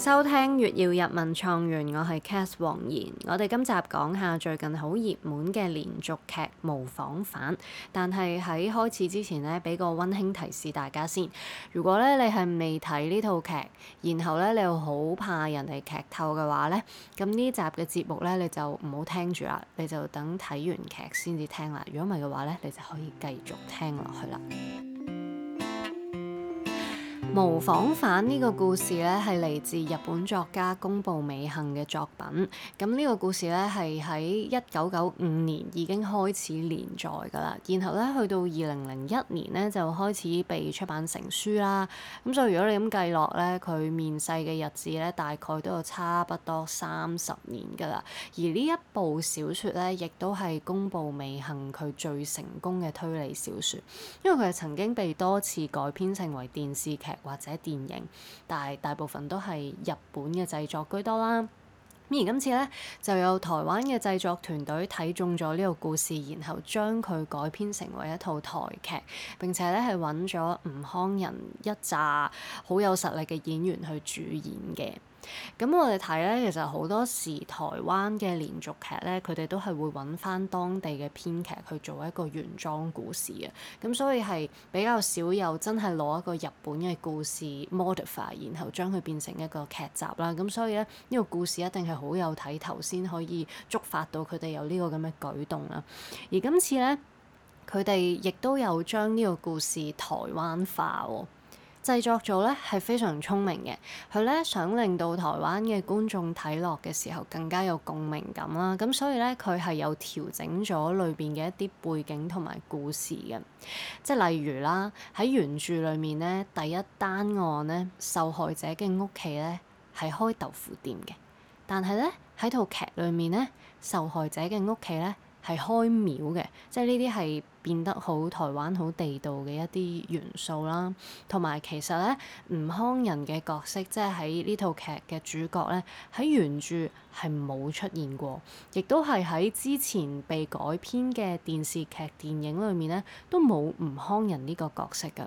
收聽月曜日文創園，我係 Cath Wong。我哋今集講下最近好熱門嘅連續劇《模仿犯》，但係喺開始之前呢，俾個温馨提示大家先。如果咧你係未睇呢套劇，然後咧你又好怕人哋劇透嘅話咧，咁呢集嘅節目咧你就唔好聽住啦，你就等睇完劇先至聽啦。如果唔係嘅話咧，你就可以繼續聽落去啦。模仿犯呢個故事咧，係嚟自日本作家宮部美幸嘅作品。咁呢個故事咧，係喺一九九五年已經開始連載㗎啦。然後咧，去到二零零一年咧，就開始被出版成書啦。咁所以如果你咁計落咧，佢面世嘅日子咧，大概都有差不多三十年㗎啦。而呢一部小説咧，亦都係宮部美幸佢最成功嘅推理小説，因為佢係曾經被多次改編成為電視劇，或者電影，但係大部分都係日本嘅製作居多啦。咁而今次咧，就有台灣嘅製作團隊睇中咗呢個故事，然後將佢改編成為一套台劇，並且咧，係揾咗吳慷仁一紮好有實力嘅演員去主演嘅。咁我哋睇咧，其實好多時台灣嘅連續劇咧，佢哋都係會揾翻當地嘅編劇去做一個原裝故事嘅，咁所以係比較少有真係攞一個日本嘅故事 modify，然後將佢變成一個劇集啦。咁所以咧，呢個故事一定係好有睇頭先可以觸發到佢哋有呢個咁嘅舉動啦。而今次咧，佢哋亦都有將呢個故事台灣化喎。製作組咧係非常聰明嘅，佢咧想令到台灣嘅觀眾睇落嘅時候更加有共鳴感啦。咁所以咧，佢係有調整咗裏邊嘅一啲背景同埋故事嘅，即係例如啦，喺原著裏面咧，第一單案咧，受害者嘅屋企咧係開豆腐店嘅，但係咧喺套劇裏面咧，受害者嘅屋企咧。係開廟嘅，即係呢啲係變得好台灣好地道嘅一啲元素啦，同埋其實咧吳康仁嘅角色即係喺呢套劇嘅主角咧，喺原著係冇出現過，亦都係喺之前被改編嘅電視劇、電影裏面咧都冇吳康仁呢個角色㗎。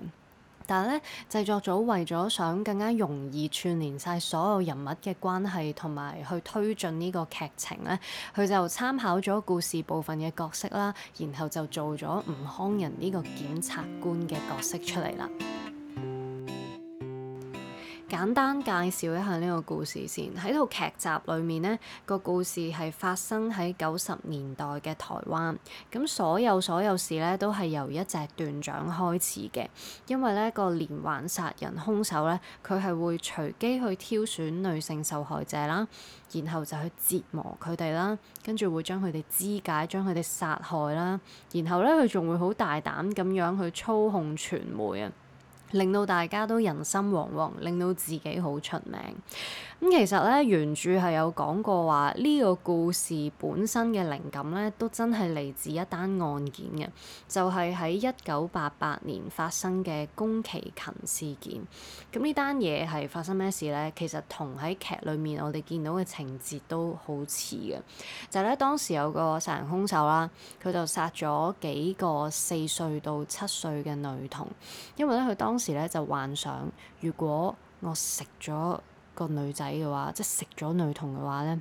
但係咧，製作組為咗想更加容易串聯晒所有人物嘅關係，同埋去推進呢個劇情咧，佢就參考咗故事部分嘅角色啦，然後就做咗吳康仁呢個檢察官嘅角色出嚟啦。簡單介紹一下呢個故事先。喺套劇集裏面咧，個故事係發生喺九十年代嘅台灣。咁所有所有事咧都係由一隻斷掌開始嘅，因為咧、個連環殺人兇手咧，佢係會隨機去挑選女性受害者啦，然後就去折磨佢哋啦，跟住會將佢哋肢解、將佢哋殺害啦，然後咧佢仲會好大膽咁樣去操控傳媒啊！令到大家都人心惶惶，令到自己好出名。咁其實咧，原著係有講過話呢個故事本身嘅靈感咧，都真係嚟自一單案件嘅。就係喺一九八八年發生嘅宮崎勤事件。咁呢單嘢係發生咩事咧？其實同喺劇裏面我哋見到嘅情節都好似嘅。就係咧當時有個殺人兇手啦，佢就殺咗幾個四歲到七歲嘅女童，因為咧佢當時時咧就幻想，如果我食咗個女仔嘅話，即係食咗女童嘅話咧，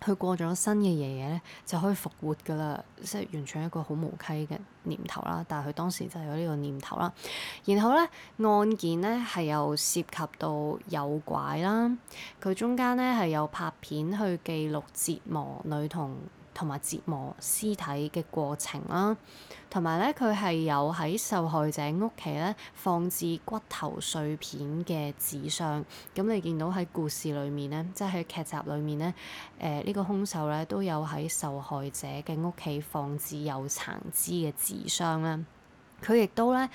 佢過咗身嘅爺爺咧就可以復活噶啦，即係完全一個好無稽嘅念頭啦。但係佢當時就有呢個念頭啦。然後咧案件咧係有涉及到誘拐啦，佢中間咧係有拍片去記錄折磨女童。同埋折磨屍體嘅過程啦，同埋咧，佢係有喺受害者屋企咧放置骨頭碎片嘅紙箱。咁你見到喺故事裏面咧，即係劇集裏面咧，誒、呃這個、呢個兇手咧都有喺受害者嘅屋企放置有殘肢嘅紙箱啦。佢亦都咧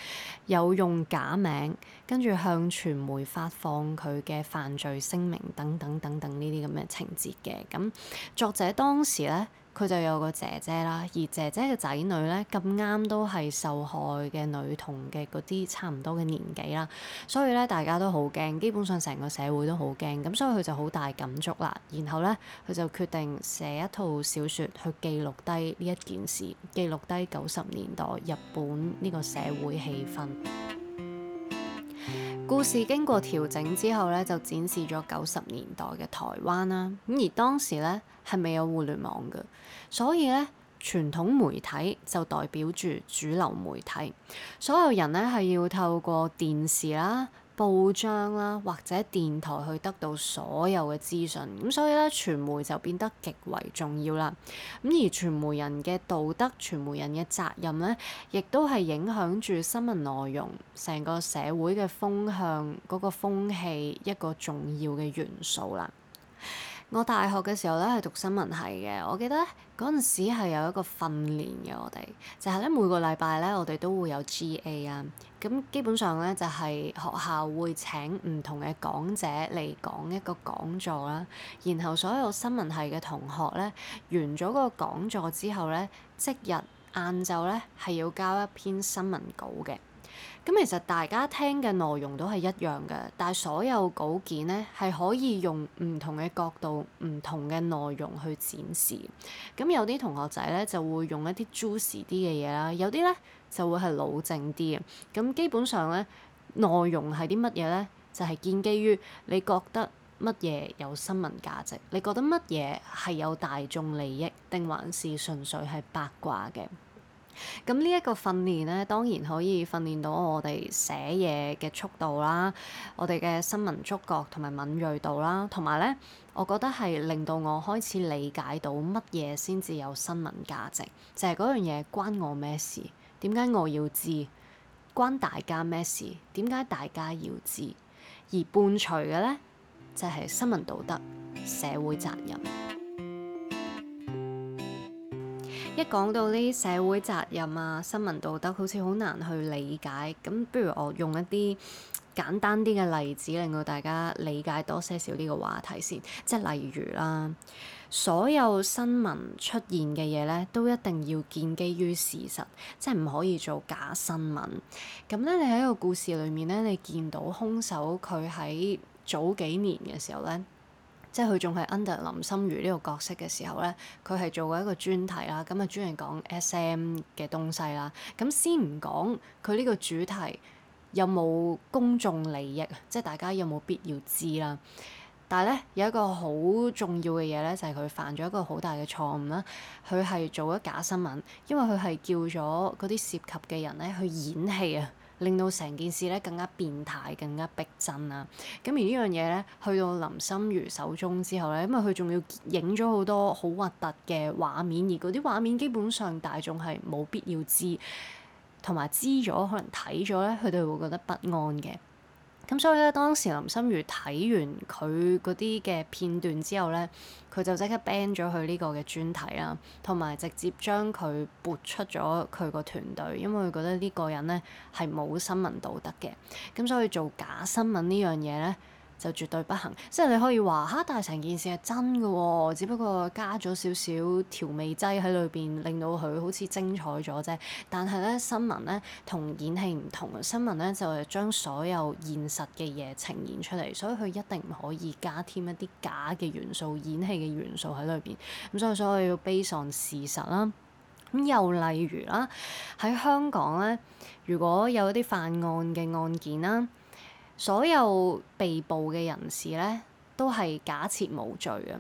有用假名跟住向傳媒發放佢嘅犯罪聲明等等等等呢啲咁嘅情節嘅。咁作者當時咧。佢就有個姐姐啦，而姐姐嘅仔女呢，咁啱都係受害嘅女童嘅嗰啲差唔多嘅年紀啦，所以呢，大家都好驚，基本上成個社會都好驚，咁所以佢就好大感觸啦，然後呢，佢就決定寫一套小說去記錄低呢一件事，記錄低九十年代日本呢個社會氣氛。故事經過調整之後咧，就展示咗九十年代嘅台灣啦。咁而當時咧係未有互聯網嘅，所以咧傳統媒體就代表住主流媒體，所有人咧係要透過電視啦。報章啦，或者電台去得到所有嘅資訊，咁所以咧，傳媒就變得極為重要啦。咁而傳媒人嘅道德、傳媒人嘅責任咧，亦都係影響住新聞內容、成個社會嘅風向、嗰個風氣一個重要嘅元素啦。我大學嘅時候咧係讀新聞系嘅，我記得嗰陣時係有一個訓練嘅。我哋就係咧每個禮拜咧，我哋都會有 GA 啊。咁基本上咧就係學校會請唔同嘅講者嚟講一個講座啦。然後所有新聞系嘅同學咧，完咗嗰個講座之後咧，即日晏晝咧係要交一篇新聞稿嘅。咁其實大家聽嘅內容都係一樣嘅，但係所有稿件咧係可以用唔同嘅角度、唔同嘅內容去展示。咁有啲同學仔咧就會用一啲 juicy 啲嘅嘢啦，有啲咧就會係老正啲嘅。咁基本上咧，內容係啲乜嘢咧？就係建基於你覺得乜嘢有新聞價值，你覺得乜嘢係有大眾利益，定還係、還係純粹係八卦嘅？咁呢一個訓練咧，當然可以訓練到我哋寫嘢嘅速度啦，我哋嘅新聞觸覺同埋敏鋭度啦，同埋咧，我覺得係令到我開始理解到乜嘢先至有新聞價值，就係嗰樣嘢關我咩事？點解我要知？關大家咩事？點解大家要知？而伴隨嘅咧，就係新聞道德、社會責任。講到呢啲社會責任啊、新聞道德，好似好難去理解。咁不如我用一啲簡單啲嘅例子，令到大家理解多些少呢個話題先。即係例如啦，所有新聞出現嘅嘢咧，都一定要建基於事實，即係唔可以做假新聞。咁咧，你喺個故事裏面咧，你見到兇手佢喺早幾年嘅時候咧。即係佢仲係 under 林心如呢個角色嘅時候咧，佢係做過一個專題啦，咁啊專係講 SM 嘅東西啦。咁先唔講佢呢個主題有冇公眾利益，即係大家有冇必要知啦。但係咧，有一個好重要嘅嘢咧，就係佢犯咗一個好大嘅錯誤啦。佢係做咗假新聞，因為佢係叫咗嗰啲涉及嘅人咧去演戲啊。令到成件事咧更加變態、更加逼真啊！咁而呢樣嘢咧，去到林心如手中之後咧，因為佢仲要影咗好多好核突嘅畫面，而嗰啲畫面基本上大眾係冇必要知，同埋知咗可能睇咗咧，佢哋會覺得不安嘅。咁所以咧，當時林心如睇完佢嗰啲嘅片段之後咧，佢就即刻 ban 咗佢呢個嘅專題啦，同埋直接將佢撥出咗佢個團隊，因為佢覺得呢個人咧係冇新聞道德嘅。咁所以做假新聞呢樣嘢咧，就絕對不行，即係你可以話吓，但係成件事係真嘅喎、哦，只不過加咗少少調味劑喺裏邊，令到佢好似精彩咗啫。但係咧，新聞咧同演戲唔同，新聞咧就係、是、將所有現實嘅嘢呈現出嚟，所以佢一定唔可以加添一啲假嘅元素、演戲嘅元素喺裏邊。咁所以，所以要 base on 事實啦。咁又例如啦，喺香港咧，如果有啲犯案嘅案件啦。所有被捕嘅人士咧，都係假設無罪嘅，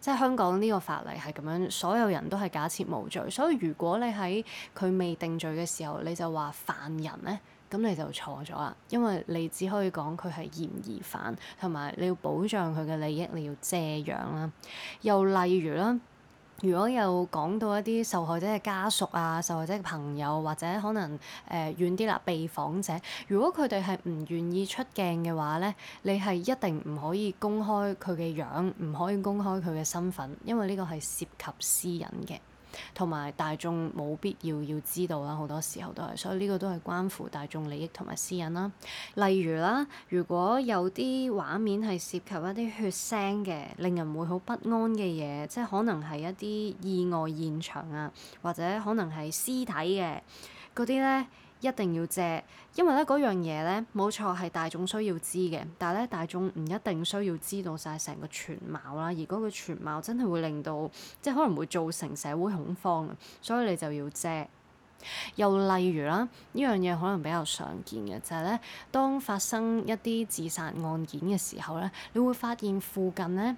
即係香港呢個法例係咁樣，所有人都係假設無罪。所以如果你喺佢未定罪嘅時候，你就話犯人咧，咁你就錯咗啦，因為你只可以講佢係嫌疑犯，同埋你要保障佢嘅利益，你要遮樣啦。又例如啦。如果有講到一啲受害者嘅家屬啊、受害者嘅朋友或者可能誒、呃、遠啲啦，被訪者，如果佢哋係唔願意出鏡嘅話咧，你係一定唔可以公開佢嘅樣，唔可以公開佢嘅身份，因為呢個係涉及私隱嘅。同埋大眾冇必要要知道啦，好多時候都係，所以呢個都係關乎大眾利益同埋私隱啦。例如啦，如果有啲畫面係涉及一啲血腥嘅，令人會好不安嘅嘢，即係可能係一啲意外現場啊，或者可能係屍體嘅嗰啲咧。一定要遮，因為咧嗰樣嘢咧冇錯係大眾需要知嘅，但係咧大眾唔一定需要知道晒成個全貌啦。而嗰個全貌真係會令到即係可能會造成社會恐慌，所以你就要遮。又例如啦，呢樣嘢可能比較常見嘅就係咧，當發生一啲自殺案件嘅時候咧，你會發現附近咧。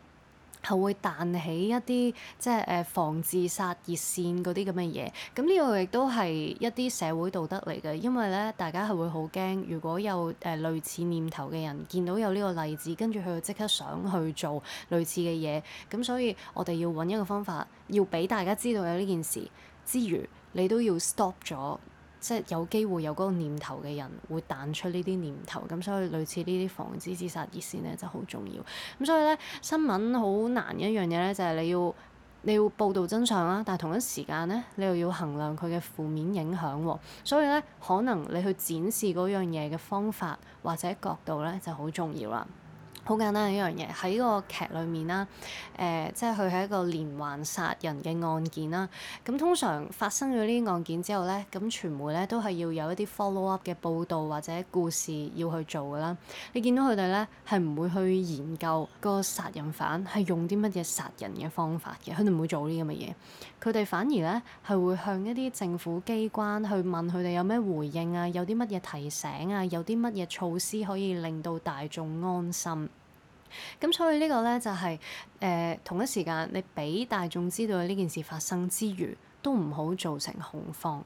係會彈起一啲即係誒防自殺熱線嗰啲咁嘅嘢，咁呢個亦都係一啲社會道德嚟嘅，因為咧大家係會好驚，如果有誒、呃、類似念頭嘅人見到有呢個例子，跟住佢就即刻想去做類似嘅嘢，咁所以我哋要揾一個方法，要俾大家知道有呢件事之餘，你都要 stop 咗。即係有機會有嗰個念頭嘅人會彈出呢啲念頭，咁所以類似呢啲防止自殺熱線咧就好重要。咁所以咧新聞好難一樣嘢咧，就係你要你要報導真相啦，但係同一時間咧你又要衡量佢嘅負面影響喎。所以咧可能你去展示嗰樣嘢嘅方法或者角度咧就好重要啦。好簡單嘅一樣嘢喺個劇裏面啦，誒、呃，即係佢係一個連環殺人嘅案件啦。咁通常發生咗呢啲案件之後咧，咁傳媒咧都係要有一啲 follow up 嘅報導或者故事要去做㗎啦。你見到佢哋咧係唔會去研究個殺人犯係用啲乜嘢殺人嘅方法嘅，佢哋唔會做呢啲咁嘅嘢。佢哋反而咧係會向一啲政府機關去問佢哋有咩回應啊，有啲乜嘢提醒啊，有啲乜嘢措施可以令到大眾安心。咁所以呢個咧就係、是、誒、呃、同一時間，你俾大眾知道呢件事發生之餘，都唔好造成恐慌。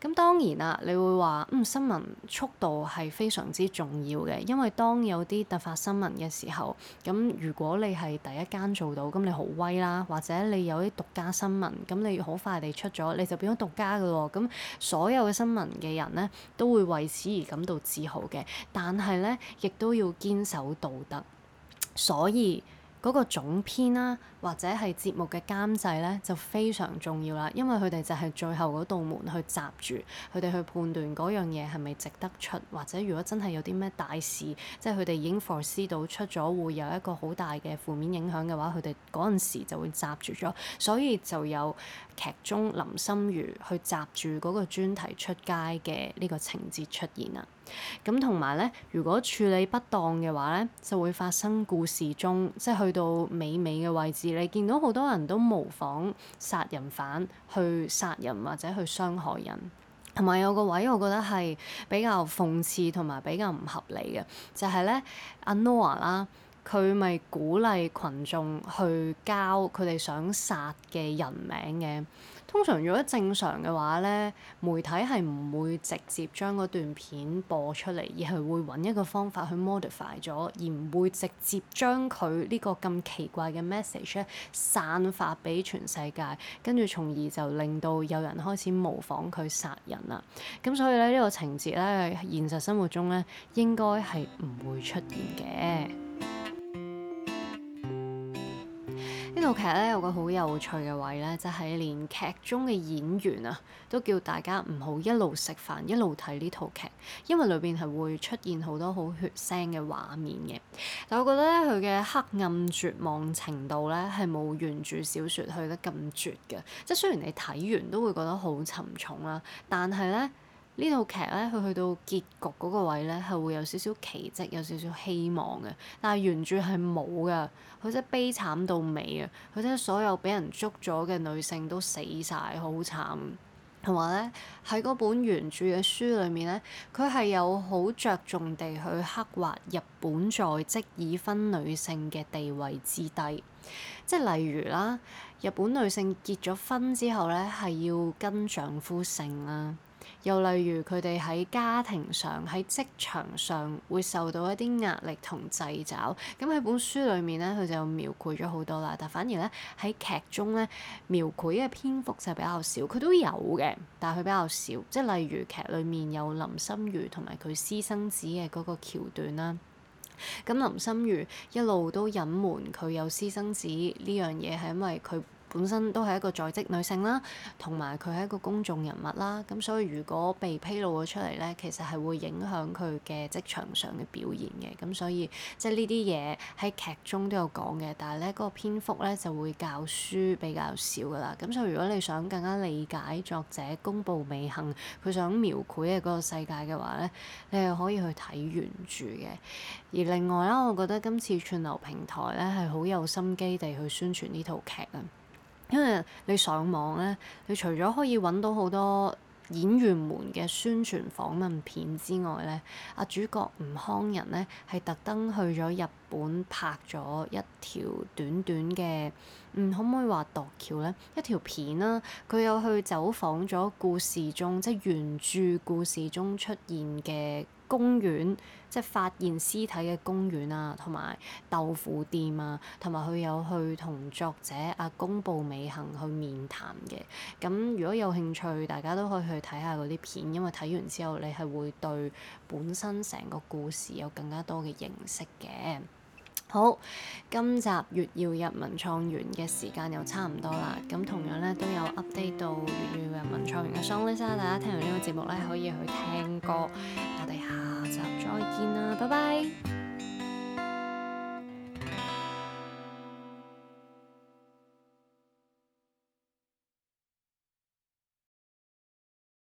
咁當然啦，你會話，嗯，新聞速度係非常之重要嘅，因為當有啲突發新聞嘅時候，咁如果你係第一間做到，咁你好威啦，或者你有啲獨家新聞，咁你好快地出咗，你就變咗獨家㗎喎。咁所有嘅新聞嘅人咧，都會為此而感到自豪嘅，但係咧亦都要堅守道德。所以嗰個總編啦，或者係節目嘅監製咧，就非常重要啦。因為佢哋就係最後嗰道門去閘住，佢哋去判斷嗰樣嘢係咪值得出，或者如果真係有啲咩大事，即係佢哋已經 foresee 到出咗會有一個好大嘅負面影響嘅話，佢哋嗰陣時就會閘住咗，所以就有。劇中林心如去襲住嗰個專題出街嘅呢個情節出現啊。咁同埋咧，如果處理不當嘅話咧，就會發生故事中，即係去到尾尾嘅位置，你見到好多人都模仿殺人犯去殺人或者去傷害人，同埋有個位我覺得係比較諷刺同埋比較唔合理嘅，就係咧阿 Noah 啦。啊 Nora。佢咪鼓勵群眾去交佢哋想殺嘅人名嘅。通常如果正常嘅話咧，媒體係唔會直接將嗰段片播出嚟，而係會揾一個方法去 modify 咗，而唔會直接將佢呢個咁奇怪嘅 message 咧散發俾全世界，跟住從而就令到有人開始模仿佢殺人啦。咁所以咧，呢個情節咧，喺現實生活中咧，應該係唔會出現嘅。套劇咧有個好有趣嘅位咧，就係連劇中嘅演員啊，都叫大家唔好一路食飯一路睇呢套劇，因為裏邊係會出現好多好血腥嘅畫面嘅。但我覺得咧，佢嘅黑暗絕望程度咧，係冇原著小說去得咁絕嘅。即係雖然你睇完都會覺得好沉重啦，但係咧。劇呢套劇咧，佢去到結局嗰個位咧，係會有少少奇蹟，有少少希望嘅。但係原著係冇㗎，佢真係悲慘到尾啊！佢真係所有俾人捉咗嘅女性都死晒，好慘。同埋咧，喺嗰本原著嘅書裏面咧，佢係有好着重地去刻畫日本在職已婚女性嘅地位之低，即係例如啦，日本女性結咗婚之後咧，係要跟丈夫姓啦。又例如佢哋喺家庭上、喺職場上會受到一啲壓力同掣肘。咁喺本書裏面咧，佢就描繪咗好多啦。但反而咧，喺劇中咧，描繪嘅篇幅就比較少，佢都有嘅，但係佢比較少。即係例如劇裏面有林心如同埋佢私生子嘅嗰個橋段啦。咁林心如一路都隱瞞佢有私生子呢樣嘢，係、這個、因為佢。本身都係一個在職女性啦，同埋佢係一個公眾人物啦，咁所以如果被披露咗出嚟咧，其實係會影響佢嘅職場上嘅表現嘅。咁所以即係呢啲嘢喺劇中都有講嘅，但係咧，嗰個篇幅咧就會較書比較少噶啦。咁所以如果你想更加理解作者宮部美幸，佢想描繪嘅嗰個世界嘅話咧，你係可以去睇原著嘅。而另外啦，我覺得今次串流平台咧係好有心機地去宣傳呢套劇啊！因為你上網咧，你除咗可以揾到好多演員們嘅宣傳訪問片之外咧，阿主角吳慷仁咧係特登去咗日本拍咗一條短短嘅，嗯，可唔可以話度橋咧？一條片啦，啊，佢有去走訪咗故事中，即係原著故事中出現嘅。公園，即係發現屍體嘅公園啊，同埋豆腐店啊，同埋佢有去同作者阿公步美行去面談嘅。咁如果有興趣，大家都可以去睇下嗰啲片，因為睇完之後你係會對本身成個故事有更加多嘅認識嘅。好，今集月曜日文創園嘅時間又差唔多啦，咁同樣咧都有 update 到月曜日文創園嘅 song list，大家聽完呢個節目咧，可以去聽歌。我哋下集再見啦，拜拜。